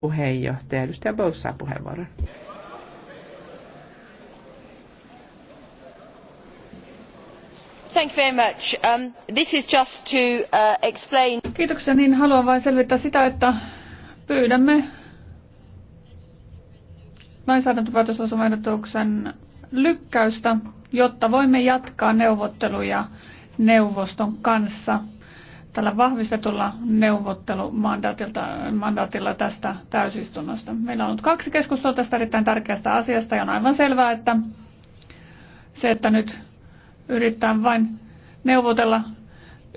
puheenjohtaja. Edustaja Bowles saa puheenvuoron. Thank you very much. Um, this is just to uh, explain. Kiitoksia. Niin haluan vain selvittää sitä, että pyydämme lainsäädäntöpäätösosumehdotuksen lykkäystä, jotta voimme jatkaa neuvotteluja neuvoston kanssa tällä vahvistetulla neuvottelumandaatilla tästä täysistunnosta. Meillä on ollut kaksi keskustelua tästä erittäin tärkeästä asiasta ja on aivan selvää, että se, että nyt yrittää vain neuvotella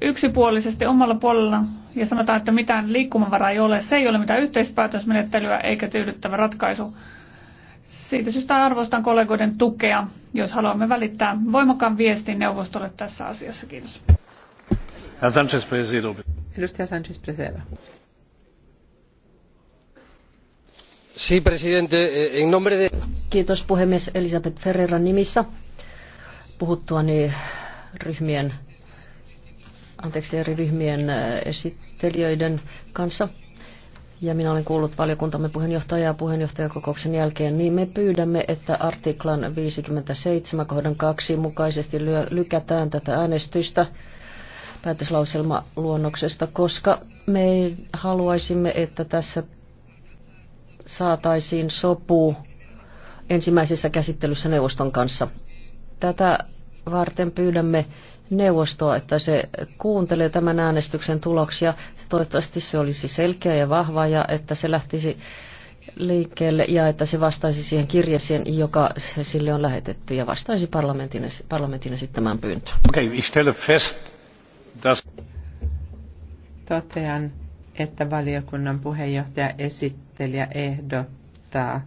yksipuolisesti omalla puolella ja sanotaan, että mitään liikkumavaraa ei ole, se ei ole mitään yhteispäätösmenettelyä eikä tyydyttävä ratkaisu. Siitä syystä arvostan kollegoiden tukea, jos haluamme välittää voimakkaan viestin neuvostolle tässä asiassa. Kiitos arvoisa eh, Kiitos puhemies Elisabeth Ferreran nimissä. Puhuttuani ryhmien, anteeksi, eri ryhmien äh, esittelijöiden kanssa ja minä olen kuullut valiokuntamme puheenjohtajaa puheenjohtajakokouksen jälkeen, niin me pyydämme, että artiklan 57 kohdan 2 mukaisesti lykätään tätä äänestystä päätöslauselmaluonnoksesta, koska me haluaisimme, että tässä saataisiin sopu ensimmäisessä käsittelyssä neuvoston kanssa. Tätä varten pyydämme neuvostoa, että se kuuntelee tämän äänestyksen tuloksia. Toivottavasti se olisi selkeä ja vahva ja että se lähtisi liikkeelle ja että se vastaisi siihen kirjeeseen, joka sille on lähetetty ja vastaisi parlamentin, parlamentin esittämään pyyntöön. Okay, Totean, että valiokunnan puheenjohtaja esittelijä ehdottaa,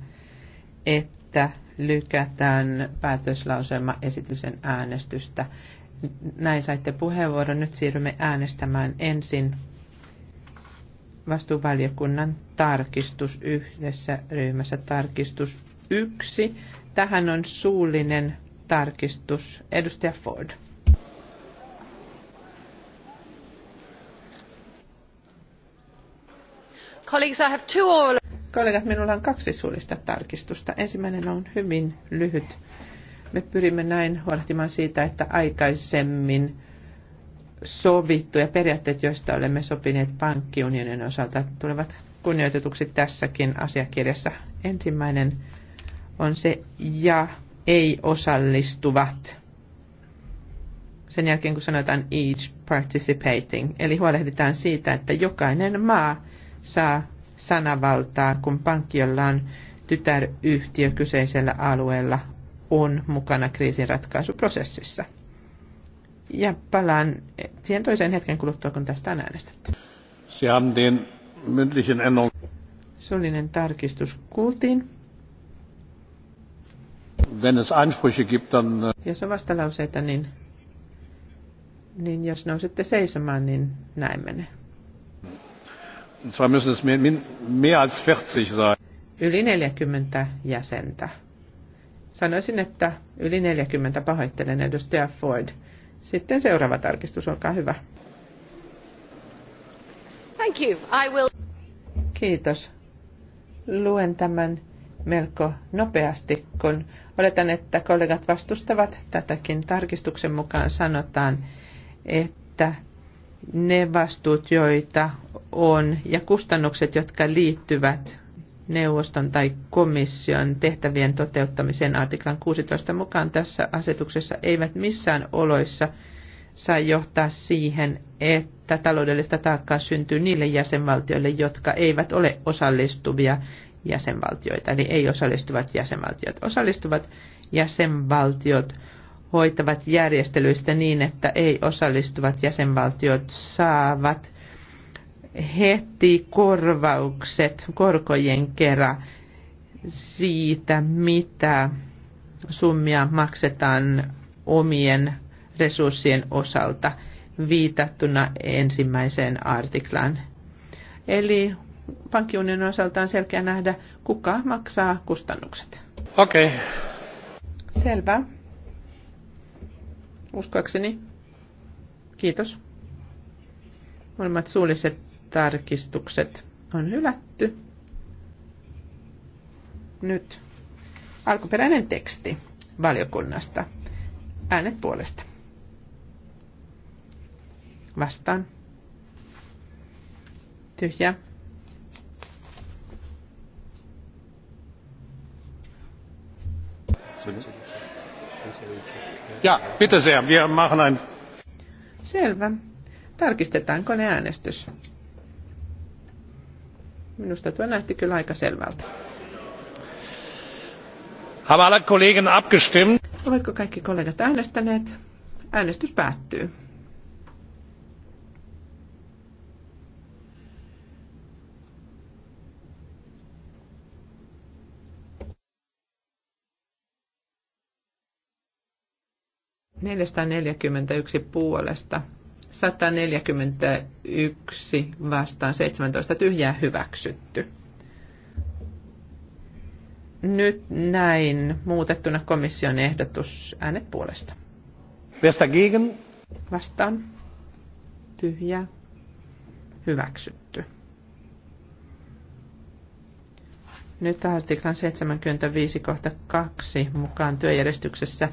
että lykätään esityksen äänestystä. Näin saitte puheenvuoron. Nyt siirrymme äänestämään ensin vastuuvaliokunnan tarkistus yhdessä ryhmässä tarkistus yksi. Tähän on suullinen tarkistus. Edustaja Ford. Kollegat, minulla on kaksi suullista tarkistusta. Ensimmäinen on hyvin lyhyt. Me pyrimme näin huolehtimaan siitä, että aikaisemmin sovittuja periaatteet, joista olemme sopineet pankkiunionin osalta, tulevat kunnioitetuksi tässäkin asiakirjassa. Ensimmäinen on se ja ei osallistuvat. Sen jälkeen kun sanotaan each participating, eli huolehditaan siitä, että jokainen maa saa sanavaltaa, kun pankki, jolla on tytäryhtiö kyseisellä alueella, on mukana kriisinratkaisuprosessissa. Ja palaan siihen toiseen hetken kuluttua, kun tästä on äänestetty. Se haben den mündlichen Suullinen tarkistus kuultiin. Wenn es Ansprüche gibt, dann... Äh, jos on vastalauseita, niin, niin jos nousette seisomaan, niin näin menee. Zwar müssen es mehr als 40 sein. Yli 40 jäsentä. Sanoisin, että yli 40 pahoittelen edustaja Ford. Sitten seuraava tarkistus, olkaa hyvä. Thank you. I will... Kiitos. Luen tämän melko nopeasti, kun oletan, että kollegat vastustavat tätäkin. Tarkistuksen mukaan sanotaan, että ne vastuut, joita on, ja kustannukset, jotka liittyvät neuvoston tai komission tehtävien toteuttamiseen artiklan 16 mukaan tässä asetuksessa eivät missään oloissa saa johtaa siihen, että taloudellista taakkaa syntyy niille jäsenvaltioille, jotka eivät ole osallistuvia jäsenvaltioita, eli ei osallistuvat jäsenvaltiot. Osallistuvat jäsenvaltiot hoitavat järjestelyistä niin, että ei osallistuvat jäsenvaltiot saavat heti korvaukset korkojen kerran siitä, mitä summia maksetaan omien resurssien osalta viitattuna ensimmäiseen artiklaan. Eli pankkiunion osalta on selkeä nähdä, kuka maksaa kustannukset. Okei. Okay. Selvä uskoakseni. Kiitos. Molemmat suulliset tarkistukset on hylätty. Nyt alkuperäinen teksti valiokunnasta. Äänet puolesta. Vastaan. Tyhjä. you. Selvä. Tarkistetaanko ne äänestys? Minusta tuo näytti kyllä aika selvältä. Haben alle Kollegen abgestimmt? kaikki kollegat äänestäneet? Äänestys päättyy. 441 puolesta, 141 vastaan, 17 tyhjää hyväksytty. Nyt näin muutettuna komission ehdotus äänet puolesta. Vestagegen. Vastaan. Tyhjää. Hyväksytty. Nyt artiklan 75 kohta 2 mukaan työjärjestyksessä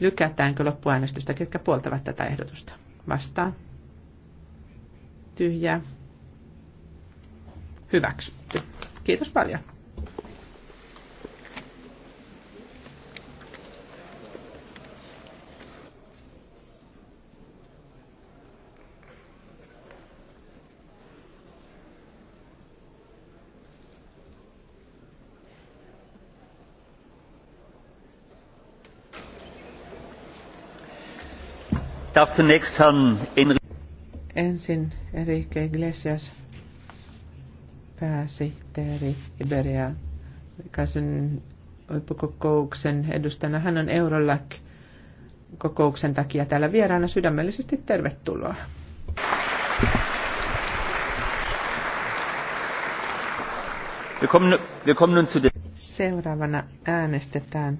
Lykätäänkö loppuäänestystä, ketkä puoltavat tätä ehdotusta? Vastaan. Tyhjää. Hyväksytty. Kiitos paljon. darf zunächst Herrn Ensin Enrique Iglesias, pääsihteeri Iberia Kaisen huippukokouksen edustajana. Hän on Eurolac kokouksen takia täällä vieraana. Sydämellisesti tervetuloa. Seuraavana äänestetään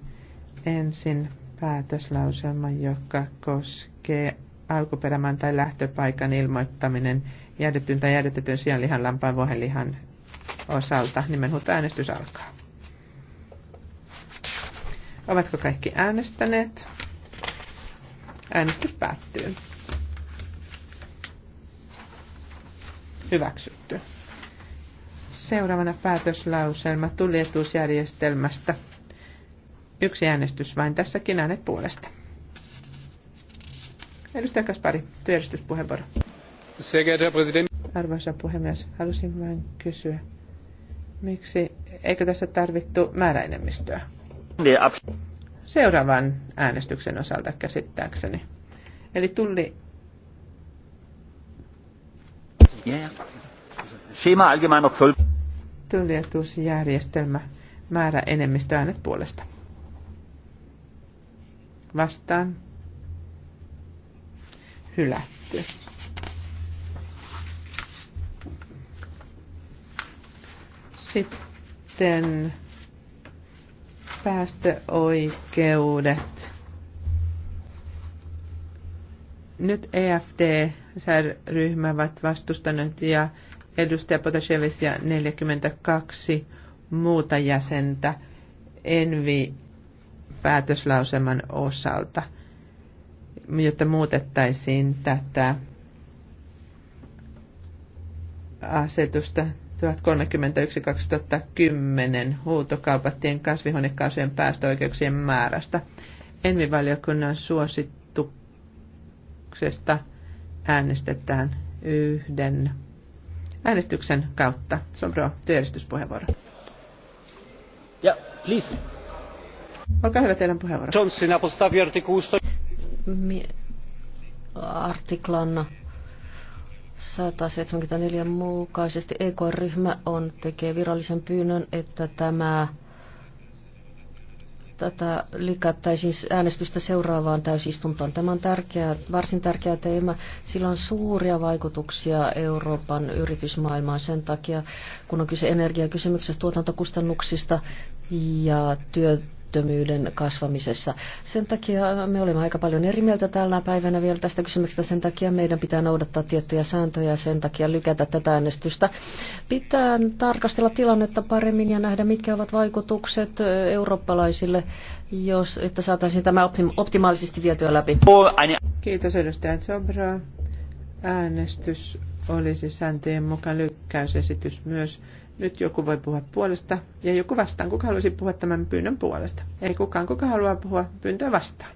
ensin päätöslauselma, joka koskee alkuperämään tai lähtöpaikan ilmoittaminen jäädettyn tai jäädetetyn sianlihan, lampaan, vuohenlihan osalta. äänestys alkaa. Ovatko kaikki äänestäneet? Äänestys päättyy. Hyväksytty. Seuraavana päätöslauselma tulietuusjärjestelmästä. Yksi äänestys vain tässäkin äänet puolesta. Edustaja Kaspari, työjärjestyspuheenvuoro. Arvoisa puhemies, halusin vain kysyä, miksi eikö tässä tarvittu määräenemmistöä? Seuraavan äänestyksen osalta käsittääkseni. Eli tulli... Schema allgemeiner Zoll. Tullietuusjärjestelmä määräenemmistöäänet puolesta vastaan hylätty. Sitten päästöoikeudet. Nyt EFD-ryhmä ovat vastustaneet ja edustaja Potashevis ja 42 muuta jäsentä Envi päätöslauseman osalta, jotta muutettaisiin tätä asetusta 1031-2010 huutokaupattien kasvihuonekaasujen päästöoikeuksien määrästä. Envivaliokunnan suosituksesta äänestetään yhden äänestyksen kautta. Sobro, työjärjestyspuheenvuoro. Ja, please. Olkaa hyvä teidän puheenvuoro. Johnson ja postavi artiklan 174 mukaisesti EK-ryhmä on, tekee virallisen pyynnön, että tämä tätä lykättäisiin äänestystä seuraavaan täysistuntoon. Tämä on tärkeä, varsin tärkeä teema. Sillä on suuria vaikutuksia Euroopan yritysmaailmaan sen takia, kun on kyse energiakysymyksestä, tuotantokustannuksista ja työ, työttömyyden kasvamisessa. Sen takia me olemme aika paljon eri mieltä tällä päivänä vielä tästä kysymyksestä. Sen takia meidän pitää noudattaa tiettyjä sääntöjä ja sen takia lykätä tätä äänestystä. Pitää tarkastella tilannetta paremmin ja nähdä, mitkä ovat vaikutukset eurooppalaisille, jos, että saataisiin tämä optimaalisesti vietyä läpi. Kiitos edustaja Zobra. Äänestys olisi sääntöjen mukaan lykkäysesitys myös nyt joku voi puhua puolesta ja joku vastaan. Kuka haluaisi puhua tämän pyynnön puolesta? Ei kukaan. Kuka haluaa puhua pyyntöä vastaan?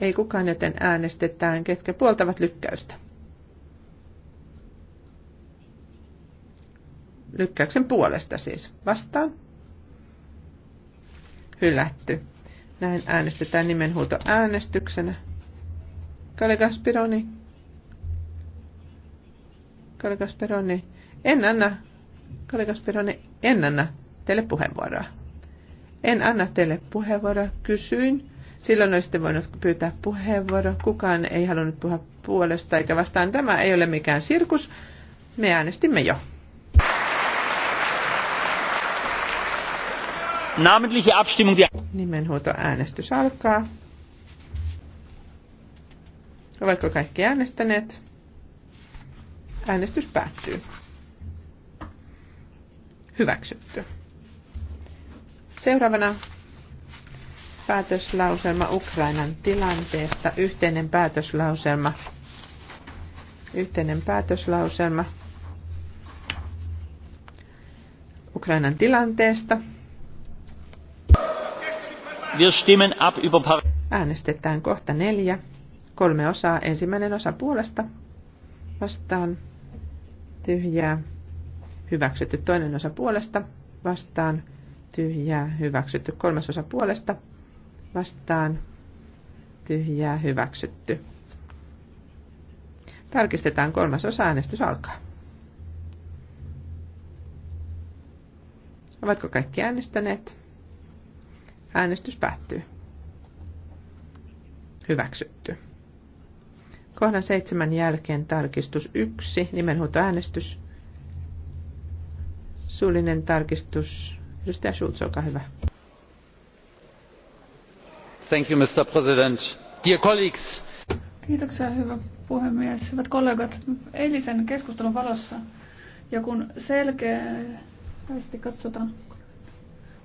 Ei kukaan, joten äänestetään, ketkä puoltavat lykkäystä. Lykkäyksen puolesta siis. Vastaan. Hylätty. Näin äänestetään nimenhuuto äänestyksenä. Kalle Gasperoni. Kalle Gasperoni. En anna Kalikas Pironi, en anna teille puheenvuoroa. En anna teille puheenvuoroa, kysyin. Silloin olisitte voinut pyytää puheenvuoroa. Kukaan ei halunnut puhua puolesta eikä vastaan. Tämä ei ole mikään sirkus. Me äänestimme jo. Namentliche Abstimmung. Nimenhuuto äänestys alkaa. Ovatko kaikki äänestäneet? Äänestys päättyy. Hyväksytty. Seuraavana päätöslauselma Ukrainan tilanteesta. Yhteinen päätöslauselma. Yhteinen päätöslauselma Ukrainan tilanteesta. Wir stimmen ab über Äänestetään kohta neljä. Kolme osaa. Ensimmäinen osa puolesta. Vastaan tyhjää hyväksytty. Toinen osa puolesta vastaan tyhjää hyväksytty. Kolmas osa puolesta vastaan tyhjää hyväksytty. Tarkistetaan kolmas osa. Äänestys alkaa. Ovatko kaikki äänestäneet? Äänestys päättyy. Hyväksytty. Kohdan seitsemän jälkeen tarkistus 1, nimenhuutoäänestys. Suullinen tarkistus. Edustaja Schulz, olkaa hyvä. Thank you, Mr. President. Dear colleagues. Kiitoksia, hyvä puhemies. Hyvät kollegat, eilisen keskustelun valossa ja kun selkeästi katsotaan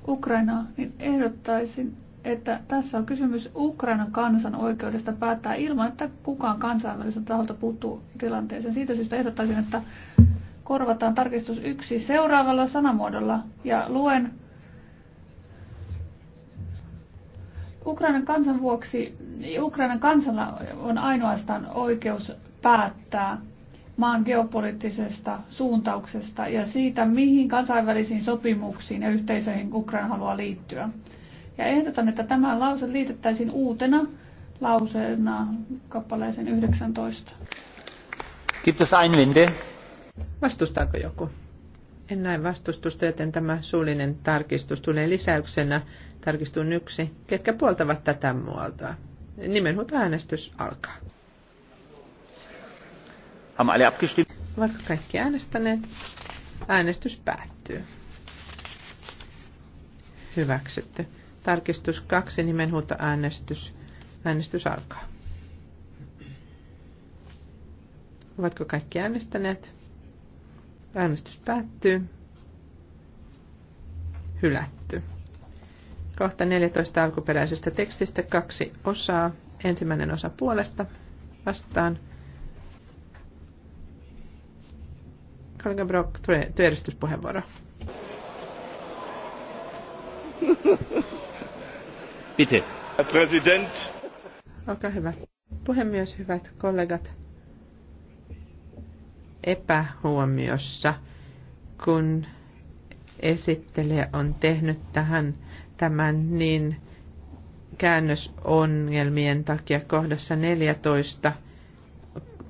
Ukrainaa, niin ehdottaisin, että tässä on kysymys Ukrainan kansan oikeudesta päättää ilman, että kukaan kansainvälisen taholta puuttuu tilanteeseen. Siitä syystä ehdottaisin, että korvataan tarkistus yksi seuraavalla sanamuodolla ja luen Ukrainan kansan vuoksi, Ukrainan kansalla on ainoastaan oikeus päättää maan geopoliittisesta suuntauksesta ja siitä, mihin kansainvälisiin sopimuksiin ja yhteisöihin Ukraina haluaa liittyä. Ja ehdotan, että tämä lause liitettäisiin uutena lauseena kappaleeseen 19. Gibt es Einwände? Vastustaako joku? En näe vastustusta, joten tämä suullinen tarkistus tulee lisäyksenä. Tarkistun yksi. Ketkä puoltavat tätä muotoa? Nimenhuuto äänestys alkaa. Ovatko kaikki äänestäneet? Äänestys päättyy. Hyväksytty. Tarkistus kaksi nimenhuuto äänestys. Äänestys alkaa. Ovatko kaikki äänestäneet? Äänestys päättyy. Hylätty. Kohta 14 alkuperäisestä tekstistä kaksi osaa. Ensimmäinen osa puolesta vastaan. Kollega Brock, työjärjestyspuheenvuoro. Bitte. Herr Präsident. Olkaa hyvä. Puhemies, hyvät kollegat epähuomiossa, kun esittelijä on tehnyt tähän tämän, niin käännösongelmien takia kohdassa 14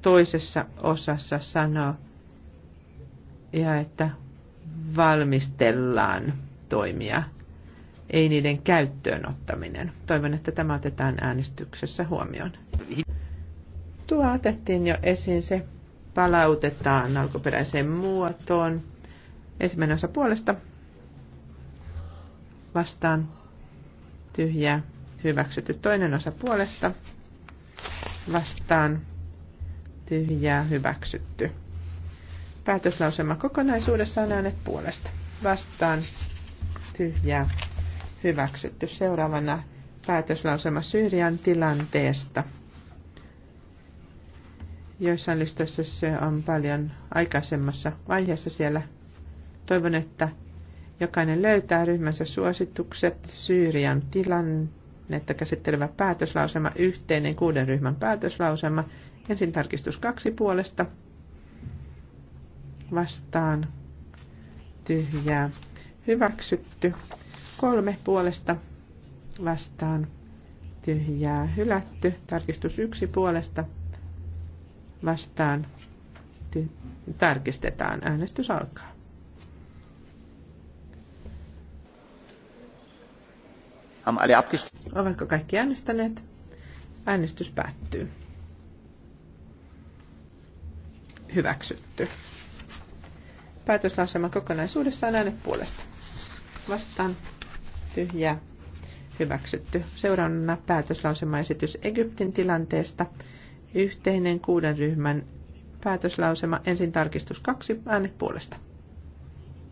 toisessa osassa sanoo, ja että valmistellaan toimia, ei niiden käyttöön ottaminen. Toivon, että tämä otetaan äänestyksessä huomioon. Tuo otettiin jo esiin se palautetaan alkuperäiseen muotoon. Ensimmäinen osa puolesta vastaan tyhjä hyväksytty. Toinen osa puolesta vastaan tyhjä hyväksytty. Päätöslausema kokonaisuudessaan äänet puolesta. Vastaan tyhjä hyväksytty. Seuraavana päätöslausema Syyrian tilanteesta. Joissain listoissa se on paljon aikaisemmassa vaiheessa siellä. Toivon, että jokainen löytää ryhmänsä suositukset, Syyrian tilannetta käsittelevä päätöslausema, yhteinen kuuden ryhmän päätöslausema, ensin tarkistus kaksi puolesta, vastaan, tyhjää, hyväksytty, kolme puolesta, vastaan, tyhjää, hylätty, tarkistus yksi puolesta, vastaan tarkistetaan. Äänestys alkaa. Ovatko kaikki äänestäneet? Äänestys päättyy. Hyväksytty. Päätöslausema kokonaisuudessaan äänet puolesta. Vastaan Tyhjä. Hyväksytty. Seuraavana päätöslausemaesitys Egyptin tilanteesta. Yhteinen kuuden ryhmän päätöslausema. Ensin tarkistus kaksi. Äänet puolesta.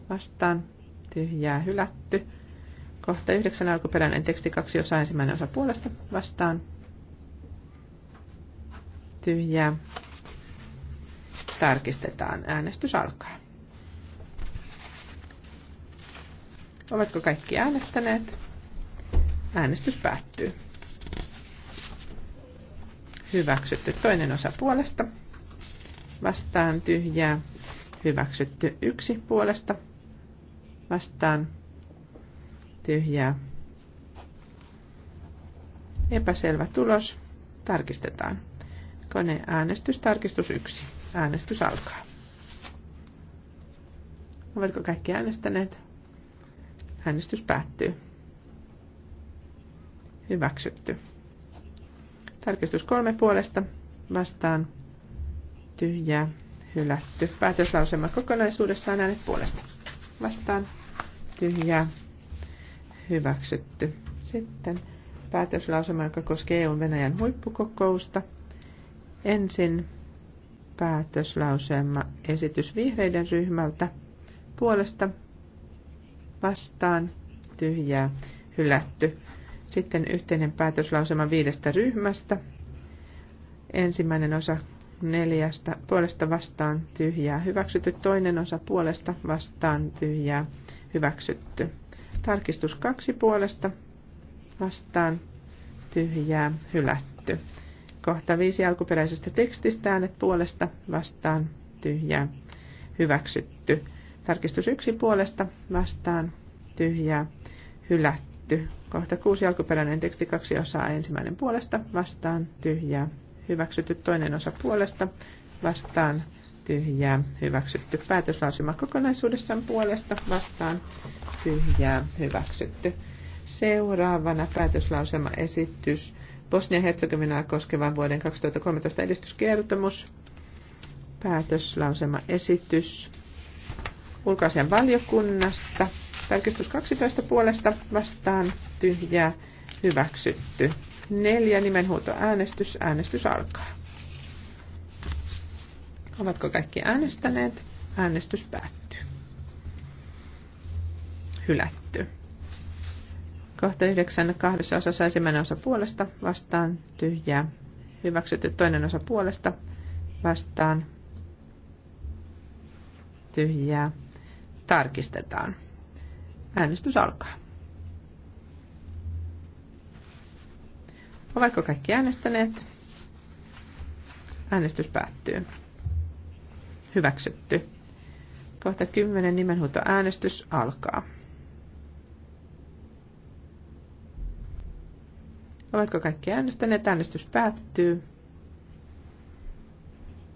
Vastaan. Tyhjää hylätty. Kohta yhdeksän alkuperäinen teksti kaksi osa ensimmäinen osa puolesta. Vastaan. Tyhjää. Tarkistetaan. Äänestys alkaa. Ovatko kaikki äänestäneet? Äänestys päättyy hyväksytty. Toinen osa puolesta vastaan tyhjää, hyväksytty. Yksi puolesta vastaan tyhjää. Epäselvä tulos. Tarkistetaan. Koneäänestys, tarkistus 1. Äänestys alkaa. Ovatko kaikki äänestäneet? Äänestys päättyy. Hyväksytty. Tarkistus kolme puolesta vastaan tyhjää hylätty. Päätöslauselma kokonaisuudessaan äänet puolesta vastaan tyhjää hyväksytty. Sitten päätöslauselma, joka koskee EUn Venäjän huippukokousta. Ensin päätöslauselma esitys vihreiden ryhmältä puolesta vastaan tyhjää hylätty. Sitten yhteinen päätöslausema viidestä ryhmästä. Ensimmäinen osa neljästä puolesta vastaan tyhjää hyväksytty, toinen osa puolesta vastaan tyhjää hyväksytty. Tarkistus kaksi puolesta vastaan tyhjää hylätty. Kohta viisi alkuperäisestä tekstistä äänet puolesta vastaan tyhjää hyväksytty. Tarkistus yksi puolesta vastaan tyhjää hylätty Hylätty. Kohta kuusi alkuperäinen teksti kaksi osaa ensimmäinen puolesta vastaan tyhjää. Hyväksytty toinen osa puolesta vastaan tyhjää. Hyväksytty päätöslausuma kokonaisuudessaan puolesta vastaan tyhjää. Hyväksytty. Seuraavana päätöslausema esitys Bosnia-Herzegovinaa koskevan vuoden 2013 edistyskertomus. Päätöslausema esitys ulkoasian valiokunnasta. Tarkistus 12 puolesta vastaan tyhjää hyväksytty. Neljä nimenhuuto Äänestys alkaa. Ovatko kaikki äänestäneet? Äänestys päättyy. Hylätty. Kohta yhdeksän kahdessa osassa ensimmäinen osa puolesta vastaan tyhjää. Hyväksytty toinen osa puolesta vastaan tyhjää. Tarkistetaan. Äänestys alkaa. Ovatko kaikki äänestäneet? Äänestys päättyy. Hyväksytty. Kohta 10 nimenhuuto äänestys alkaa. Ovatko kaikki äänestäneet? Äänestys päättyy.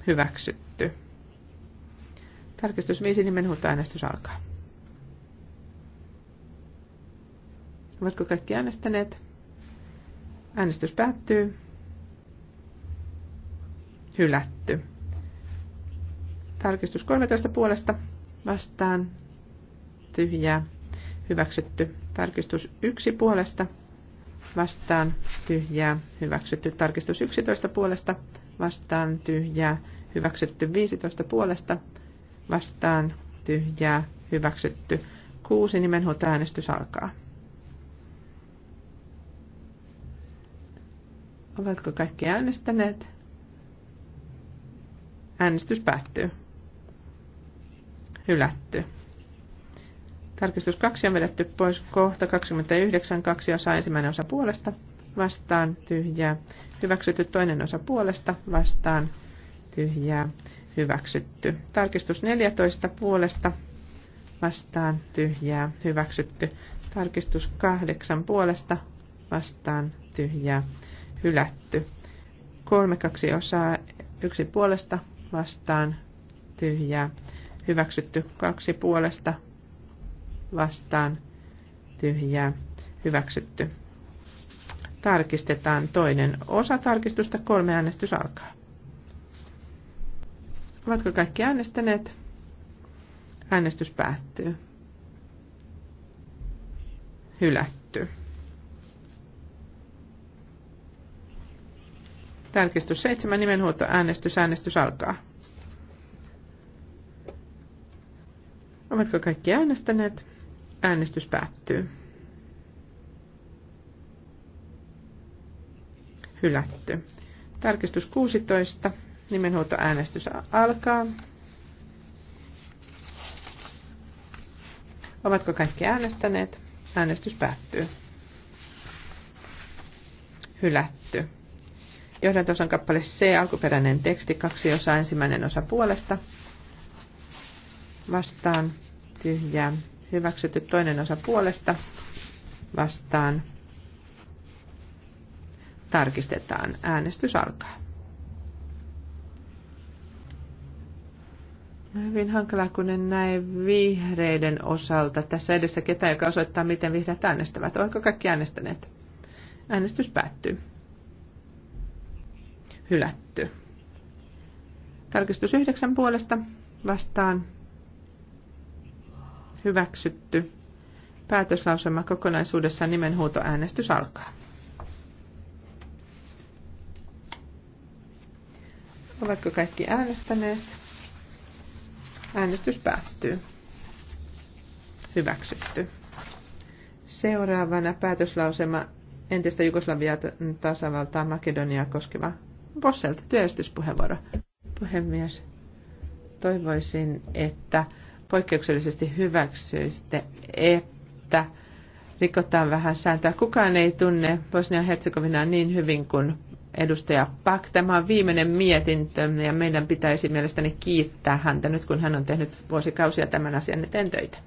Hyväksytty. Tarkistus 5 nimenhuuto äänestys alkaa. Oletko kaikki äänestäneet? Äänestys päättyy. Hylätty. Tarkistus 13 puolesta vastaan. Tyhjää. Hyväksytty. Tarkistus 1 puolesta vastaan. Tyhjää. Hyväksytty. Tarkistus 11 puolesta vastaan. Tyhjää. Hyväksytty 15 puolesta vastaan. Tyhjää. Hyväksytty. 6 nimenhuoltoäänestys alkaa. Ovatko kaikki äänestäneet? Äänestys päättyy. Hylätty. Tarkistus 2 on vedetty pois. Kohta 29, 2 osa ensimmäinen osa puolesta. Vastaan tyhjää. Hyväksytty toinen osa puolesta. Vastaan tyhjää. Hyväksytty. Tarkistus 14 puolesta. Vastaan tyhjää. Hyväksytty. Tarkistus 8 puolesta. Vastaan tyhjää hylätty. Kolme kaksi osaa, yksi puolesta vastaan tyhjää, hyväksytty kaksi puolesta vastaan tyhjää, hyväksytty. Tarkistetaan toinen osa tarkistusta, kolme äänestys alkaa. Ovatko kaikki äänestäneet? Äänestys päättyy. Hylätty. Tarkistus 7. Nimenhuolto äänestys. Äänestys alkaa. Ovatko kaikki äänestäneet? Äänestys päättyy. Hylätty. Tarkistus 16. Nimenhuolto äänestys alkaa. Ovatko kaikki äänestäneet? Äänestys päättyy. Hylätty. Johdantosan kappale C, alkuperäinen teksti, kaksi osaa, ensimmäinen osa puolesta. Vastaan tyhjää. Hyväksytty toinen osa puolesta. Vastaan. Tarkistetaan. Äänestys alkaa. No, hyvin hankalaa, kun en näe vihreiden osalta tässä edessä ketään, joka osoittaa, miten vihreät äänestävät. Oletko kaikki äänestäneet? Äänestys päättyy hylätty. Tarkistus yhdeksän puolesta vastaan hyväksytty. Päätöslauselma kokonaisuudessaan nimenhuutoäänestys alkaa. Ovatko kaikki äänestäneet? Äänestys päättyy. Hyväksytty. Seuraavana päätöslausema entistä Jugoslavia tasavaltaa Makedoniaa koskeva Bosselta työjärjestyspuheenvuoro. Puhemies, toivoisin, että poikkeuksellisesti hyväksyisitte, että rikotaan vähän sääntöä. Kukaan ei tunne Bosnia-Herzegovinaa niin hyvin kuin edustaja Pak. Tämä on viimeinen mietintö ja meidän pitäisi mielestäni kiittää häntä nyt, kun hän on tehnyt vuosikausia tämän asian eteen töitä.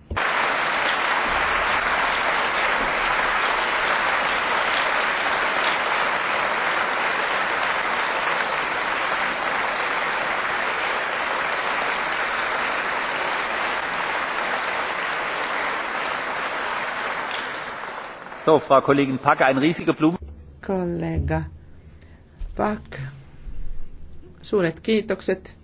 So, Frau Kollegin ein riesiger Blumen. Kollega Pack, suuret kiitokset.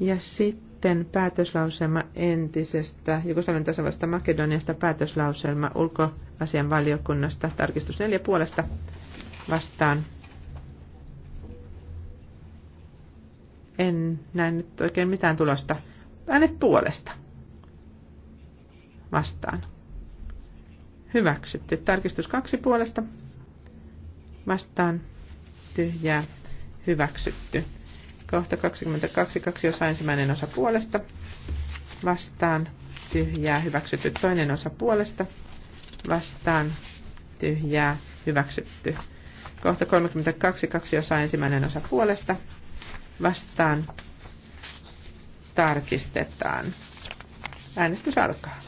Ja sitten päätöslauselma entisestä Jugoslavian tasavallasta Makedoniasta päätöslauselma ulkoasian tarkistus neljä puolesta vastaan. En näe nyt oikein mitään tulosta. Äänet puolesta vastaan. Hyväksytty. Tarkistus kaksi puolesta. Vastaan. Tyhjää. Hyväksytty. Kohta 22. Kaksi osa ensimmäinen osa puolesta. Vastaan. Tyhjää. Hyväksytty. Toinen osa puolesta. Vastaan. Tyhjää. Hyväksytty. Kohta 32. Kaksi osa ensimmäinen osa puolesta. Vastaan. Tarkistetaan. Äänestys alkaa.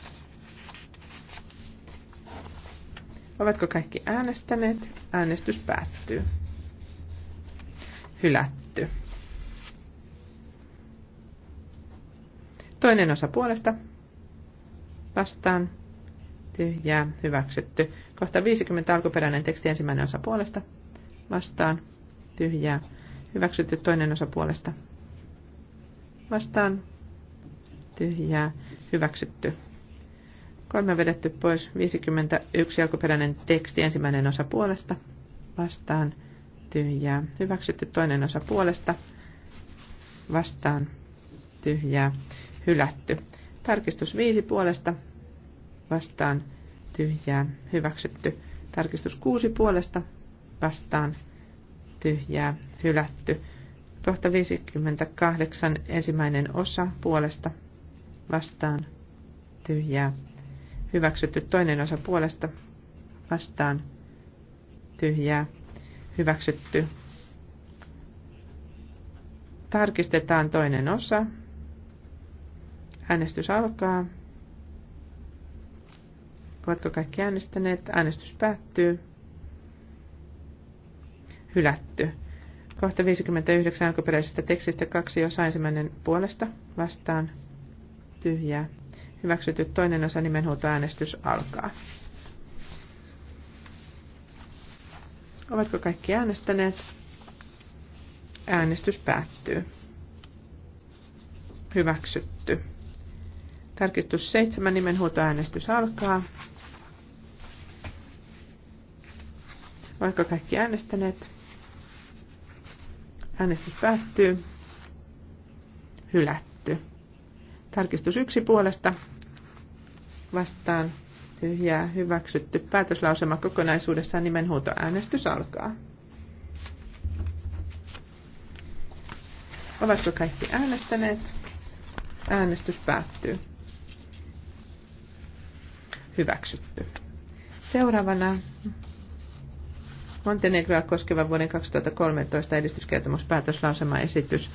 Ovatko kaikki äänestäneet? Äänestys päättyy. Hylätty. Toinen osa puolesta. Vastaan. Tyhjää. Hyväksytty. Kohta 50 alkuperäinen teksti ensimmäinen osa puolesta. Vastaan. Tyhjää. Hyväksytty toinen osa puolesta. Vastaan. Tyhjää. Hyväksytty. Kolme vedetty pois. 51 alkuperäinen teksti ensimmäinen osa puolesta. Vastaan tyhjää. Hyväksytty toinen osa puolesta. Vastaan tyhjää. Hylätty. Tarkistus 5 puolesta. Vastaan tyhjää. Hyväksytty. Tarkistus 6 puolesta. Vastaan tyhjää. Hylätty. Kohta 58 ensimmäinen osa puolesta. Vastaan tyhjää Hyväksytty toinen osa puolesta vastaan tyhjää. Hyväksytty. Tarkistetaan toinen osa. Äänestys alkaa. Ovatko kaikki äänestäneet? Äänestys päättyy. Hylätty. Kohta 59 alkuperäisestä tekstistä kaksi osa ensimmäinen puolesta vastaan tyhjää Hyväksytty toinen osa nimenhuutoäänestys alkaa. Ovatko kaikki äänestäneet? Äänestys päättyy. Hyväksytty. Tarkistus 7. Nimenhuutoäänestys alkaa. Ovatko kaikki äänestäneet? Äänestys päättyy. Hylätty. Tarkistus yksi puolesta vastaan tyhjää hyväksytty. Päätöslausema kokonaisuudessaan nimenhuutoäänestys alkaa. Ovatko kaikki äänestäneet? Äänestys päättyy. Hyväksytty. Seuraavana Montenegroa koskeva vuoden 2013 edistyskertomus päätöslausema esitys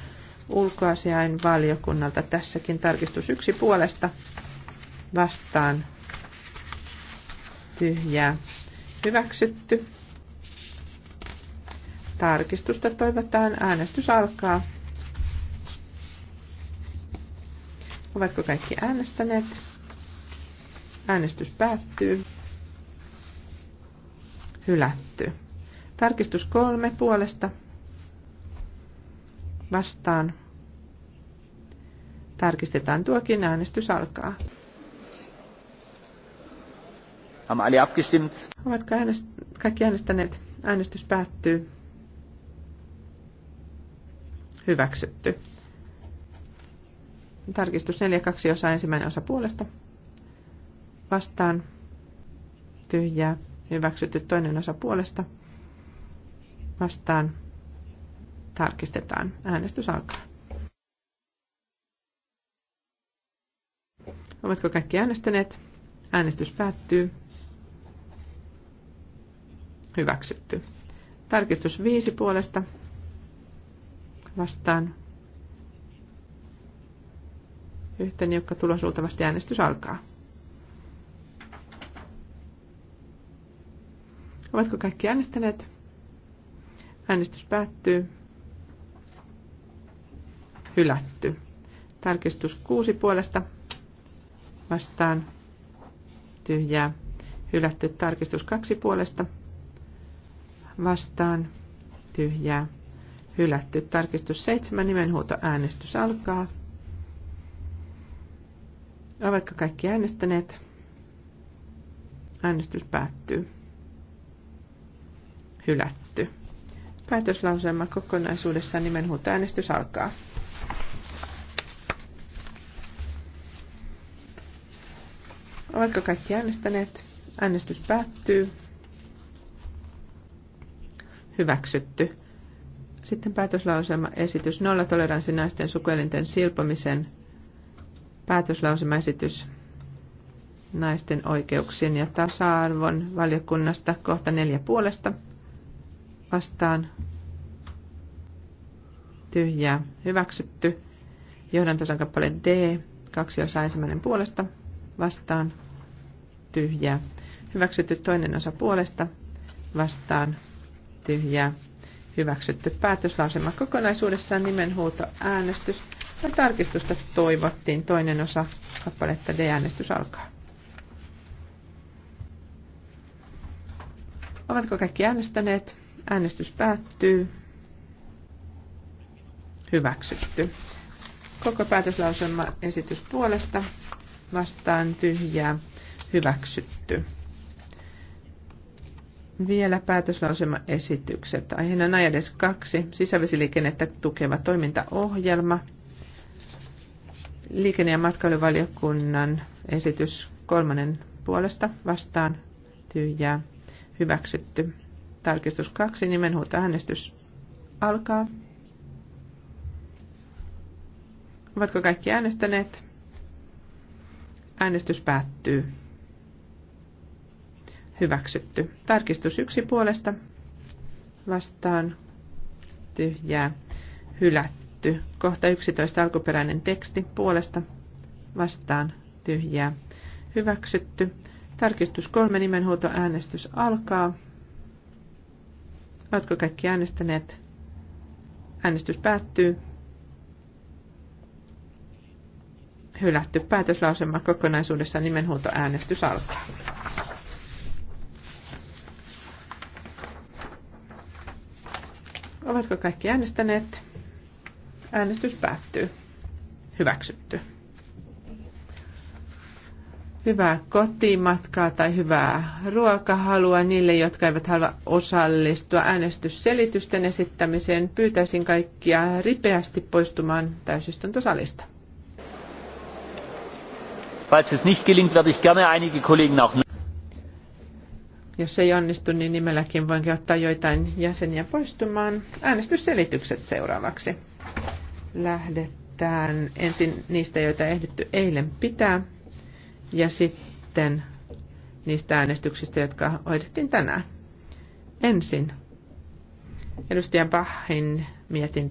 ulkoasiain valiokunnalta. Tässäkin tarkistus yksi puolesta vastaan tyhjää hyväksytty. Tarkistusta toivotaan. Äänestys alkaa. Ovatko kaikki äänestäneet? Äänestys päättyy. Hylätty. Tarkistus kolme puolesta vastaan. Tarkistetaan tuokin äänestys alkaa. Haben alle abgestimmt? Ovatko äänest- kaikki äänestäneet? Äänestys päättyy. Hyväksytty. Tarkistus 4.2 osa ensimmäinen osa puolesta. Vastaan. Tyhjää. Hyväksytty toinen osa puolesta. Vastaan tarkistetaan. Äänestys alkaa. Ovatko kaikki äänestäneet? Äänestys päättyy. Hyväksytty. Tarkistus 5 puolesta. Vastaan. Yhtä niukka tulos luultavasti äänestys alkaa. Ovatko kaikki äänestäneet? Äänestys päättyy hylätty. Tarkistus 6 puolesta vastaan tyhjää hylätty. Tarkistus 2 puolesta vastaan tyhjää hylätty. Tarkistus 7 nimenhuuto äänestys alkaa. Ovatko kaikki äänestäneet? Äänestys päättyy. Hylätty. Päätöslauselma kokonaisuudessaan nimenhuuto äänestys alkaa. Ovatko kaikki äänestäneet? Äänestys päättyy. Hyväksytty. Sitten päätöslauselma esitys toleranssi naisten sukuelinten silpomisen päätöslauselmaesitys naisten oikeuksien ja tasa-arvon valiokunnasta kohta neljä puolesta vastaan tyhjää hyväksytty. Johdantosan kappale D, kaksi osaa ensimmäinen puolesta vastaan tyhjää. Hyväksytty toinen osa puolesta vastaan tyhjää. Hyväksytty päätöslausema kokonaisuudessaan nimenhuuto äänestys. Ja tarkistusta toivottiin toinen osa kappaletta D-äänestys alkaa. Ovatko kaikki äänestäneet? Äänestys päättyy. Hyväksytty. Koko päätöslauselma esitys puolesta vastaan tyhjää hyväksytty. Vielä päätöslausema-esitykset. Aiheena on edes kaksi. Sisävesiliikennettä tukeva toimintaohjelma. Liikenne- ja matkailuvaliokunnan esitys kolmannen puolesta vastaan tyhjää hyväksytty. Tarkistus kaksi. Nimenhuuta äänestys alkaa. Ovatko kaikki äänestäneet? Äänestys päättyy hyväksytty. Tarkistus yksi puolesta vastaan tyhjää hylätty. Kohta 11 alkuperäinen teksti puolesta vastaan tyhjää hyväksytty. Tarkistus kolme äänestys alkaa. Oletko kaikki äänestäneet? Äänestys päättyy. Hylätty päätöslausema kokonaisuudessa nimenhuuto äänestys alkaa. Ovatko kaikki äänestäneet? Äänestys päättyy. Hyväksytty. Hyvää kotimatkaa tai hyvää ruokahalua niille, jotka eivät halua osallistua äänestysselitysten esittämiseen. Pyytäisin kaikkia ripeästi poistumaan täysistuntosalista. Falls es nicht gelingt, werde ich gerne einige Kollegen auch jos ei onnistu, niin nimelläkin voin ottaa joitain jäseniä poistumaan. Äänestysselitykset seuraavaksi. Lähdetään ensin niistä, joita ehditty eilen pitää, ja sitten niistä äänestyksistä, jotka hoidettiin tänään. Ensin edustaja Bahin mietintö.